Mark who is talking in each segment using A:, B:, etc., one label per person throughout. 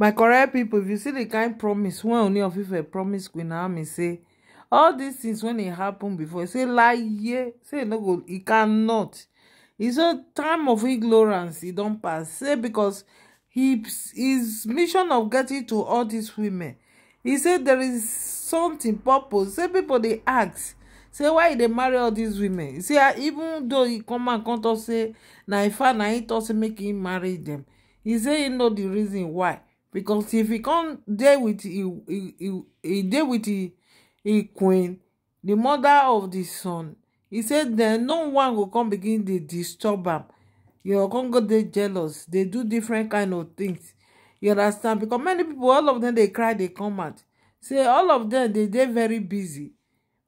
A: my correct people, if you see the kind promise when only of a promise queen naomi say all these things when e happen before say lie laye say no go he cannot e say time of ignorance he don't pass say because he his mission of getting to all these women He said there is something purpose say people they ask say why they marry all these women e say even though he come and come to say na ifa na he talk say make him marry them. He say he know the reason why because if he can't deal with e deal with the queen the mother of the son he said, then no one will come begin to disturb am you can't go dey jealous They do different kind of things you understand because many people all of them they cry they come out say all of them they they very busy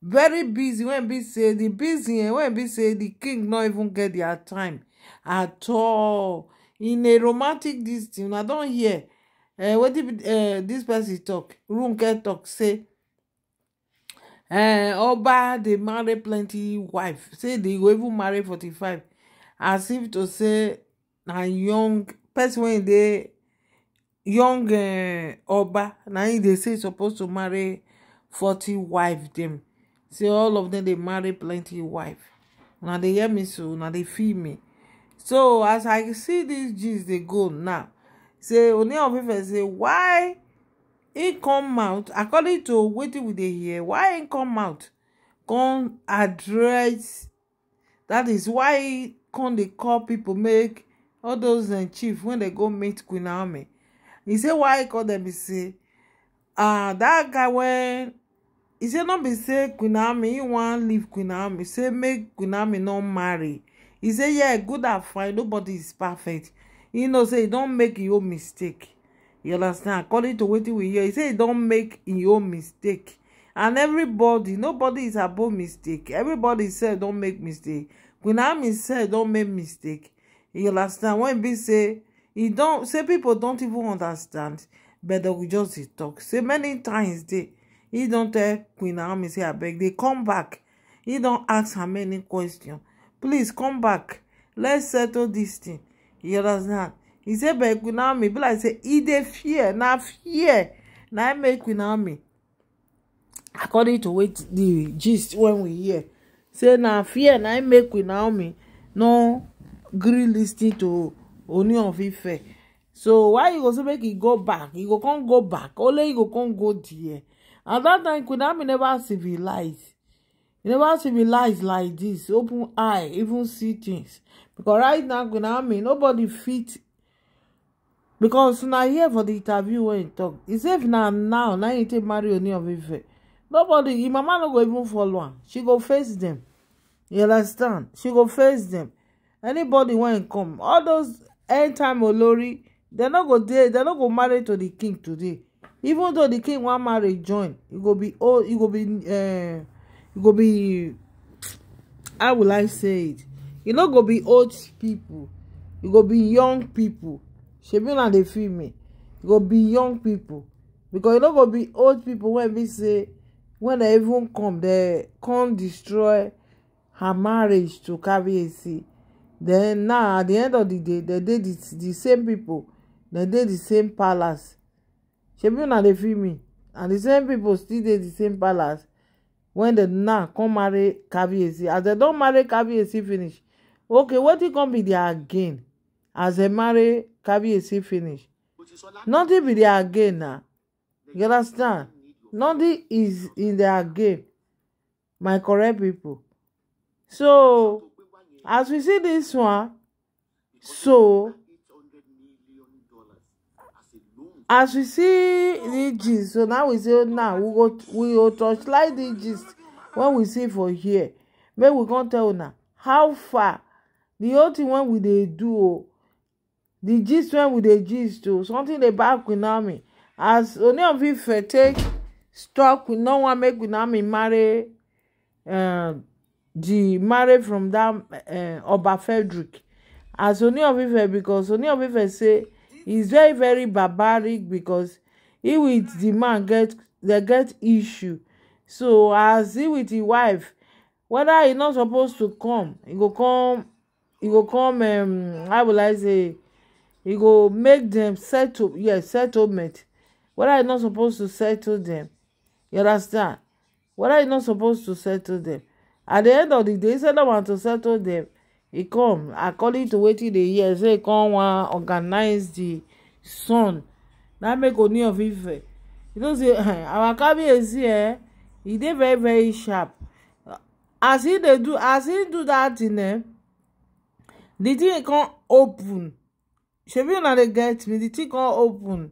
A: very busy When be say di busy eh, when wen be say di king not even get their time at all in a romantic dis i don't hear Eh, what wetin eh, this person talk? runke talk say eh, oba they marry plenty wife say they go even marry forty-five. as if to say na young person when they young oba na him say supposed to marry forty wife them. say all of them they marry plenty wife una they hear me so una they feel me so as i see dis gist they go now say Ooni of say why he come out according to wetin we dey hear why he come out come address that is why he come dey call people make all those uh, chief when they go meet Queen Naomi he say why he call them he say ah uh, that guy wey he say no be say Queen Naomi he wan leave Queen Naomi say make Queen Naomi no marry he say yeah good and fine nobody is perfect e know say e don make your own mistake you understand according to wetin we hear He say e don make your own mistake and everybody nobody is above mistake everybody sef don make mistake queen ami sef don make mistake you understand When be say e don say people don't even understand but dem go just dey tok say many times dey he don tell queen ami say abeg dey come back He don ask her many questions please come back let's settle this thing you understand e say but queen me." be like say e dey fear na fear na im make queen me." according to wait the gist when we hear say na fear na im make queen me." no gree lis ten to Ooni of so why you go say make he go back He go come go back only he go come go there at that time queen naomi never civilize e never civilize like this open eye even see things because right now queen army nobody fit because now here for the interview when hin talk. e say if now now na hin take marry oni of ife nobody hin mama no go even follow am she go face them. you understand she go face them. anybody wen come all those end time olori dem not go there. dem not go marry to the king today even though the king wan marry join it go be old It go be uh, e go be how will i say it e no go be old pipo e go be young pipo shebi na dey feel me e go be young pipo because e no go be old pipo wey be say wen dem even come dem come destroy her marriage to kabiyesi then now at the end of the day dem dey the same pipo dem dey the same palace shebi na dey feel me and the same pipo still dey the same palace wen dem now come marry kabiyesi as dem don marry kabiyesi finish okay what wetin gonna be their gain as dem marry kabiyesi finish nothing be their gain na you understand nothing is in their game my correct people so as we see this one so as we see the gist so now we say now we go we go torchlight the gist when we see for here make we come tell now how far the whole thing wey we dey do o the gist wey we dey gist o something about queen naomi as Ooni of Ife take stop we no wan make queen naomi marry uh, the marry from that uh, Oba Frederick as Ooni of Ife because Ooni of Ife say he's very very barbaric because he with the man get dey get issue so as he with him wife whether he not suppose to come he go come e go come um, how will i say e go make dem settle yes settlement whether e not suppose to settle dem you understand whether e not suppose to settle dem at the end of the day instead of am to settle dem e come according to wetin dey hear say e come wan organize the son na make Ooni of Ife you know say our Kabiyesi eh e dey very very sharp as he dey do as he do that thing eh di tin come open shebi una dey get me di tin come open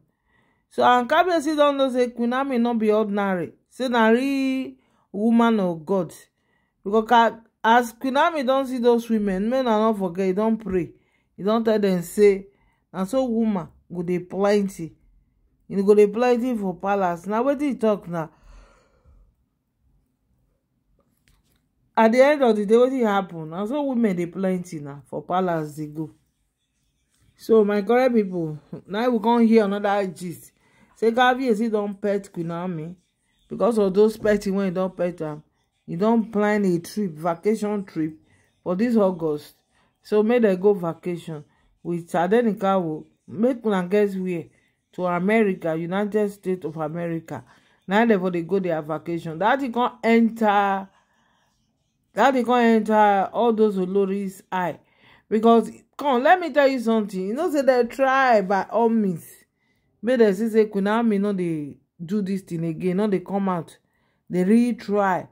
A: so and kabiyesi don know say queen naomi no be ordinary say na real woman of god because as queen naomi don see those women men una no forget e don pray e don tell dem say na so woman go dey plenty e go dey plenty for palace na wetin e talk na at the end of the day what wetin happen I saw women dey plenty now for palace they go so my correct people now we con hear another gist say Gavi, is caviarcy don pet kunami Because of those petty, when e don't pet them, e don't plan a trip vacation trip for this august so may they go vacation with will make una get where to america united states of america Now they for they go their vacation That thing con enter that dey come enter all those oloris eye because come let me tell you something you know say they try by all means but they say queen naomi no they do this thing again no they come out dey really try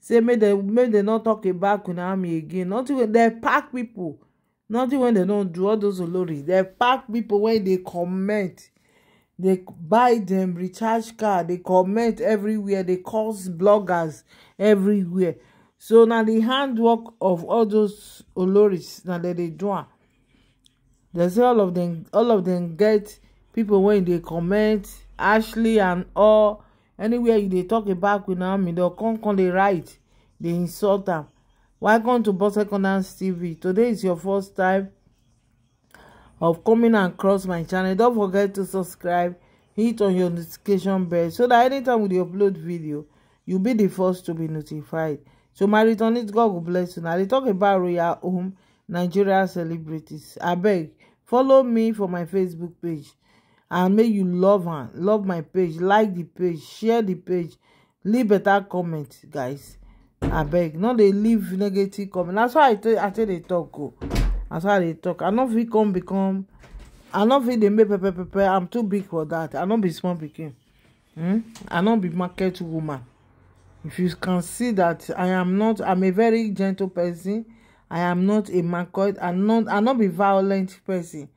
A: say make dem make dem no talk about queen again Not even they pack pipo nothing wey they don't do all those olori They pack people when they comment They buy them recharge card They comment everywhere They cause bloggers everywhere so now the handwork of all those oloris now that they do they say all of them, all of them get people when they comment ashley and all anywhere they talk tok about queen naomi dem come come dey write they insult them. welcome to boss secondance tv today is your first time of coming across my channel Don't forget to subscribe hit on your notification bell so that anytime we upload video you'll be the first to be notified so maritonit god go bless you Now they talk about royal home nigeria celebrities I beg follow me for my facebook page and make you love am love my page like the page share the page leave better comment guys I beg no they leave negative comment that's why i tell I tell they talk o oh. that's why they talk i no fit come become i no fit they make pepper pepper i'm too big for that i no be small Hmm. i no be market woman if you can see that i am not i'm a very gentle person i am not a mancoid I'm not I'm not a violent person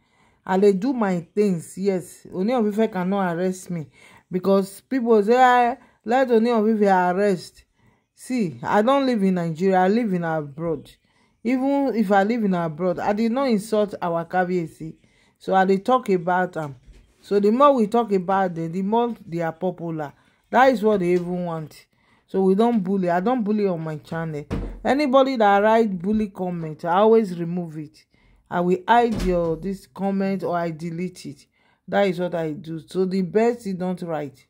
A: i dey do my things yes only of if I cannot arrest me because people say i ah, let only of Ife arrest see i don't live in Nigeria i live in abroad even if i live in abroad i did not insult our Kabiyesi so i dey talk about them. so the more we talk about them the more they are popular that is what they even want so we don't bully i don't bully on my channel anybody that write bully comment i always remove it i will hide your this comment or i delete it that is what i do so the best you don't write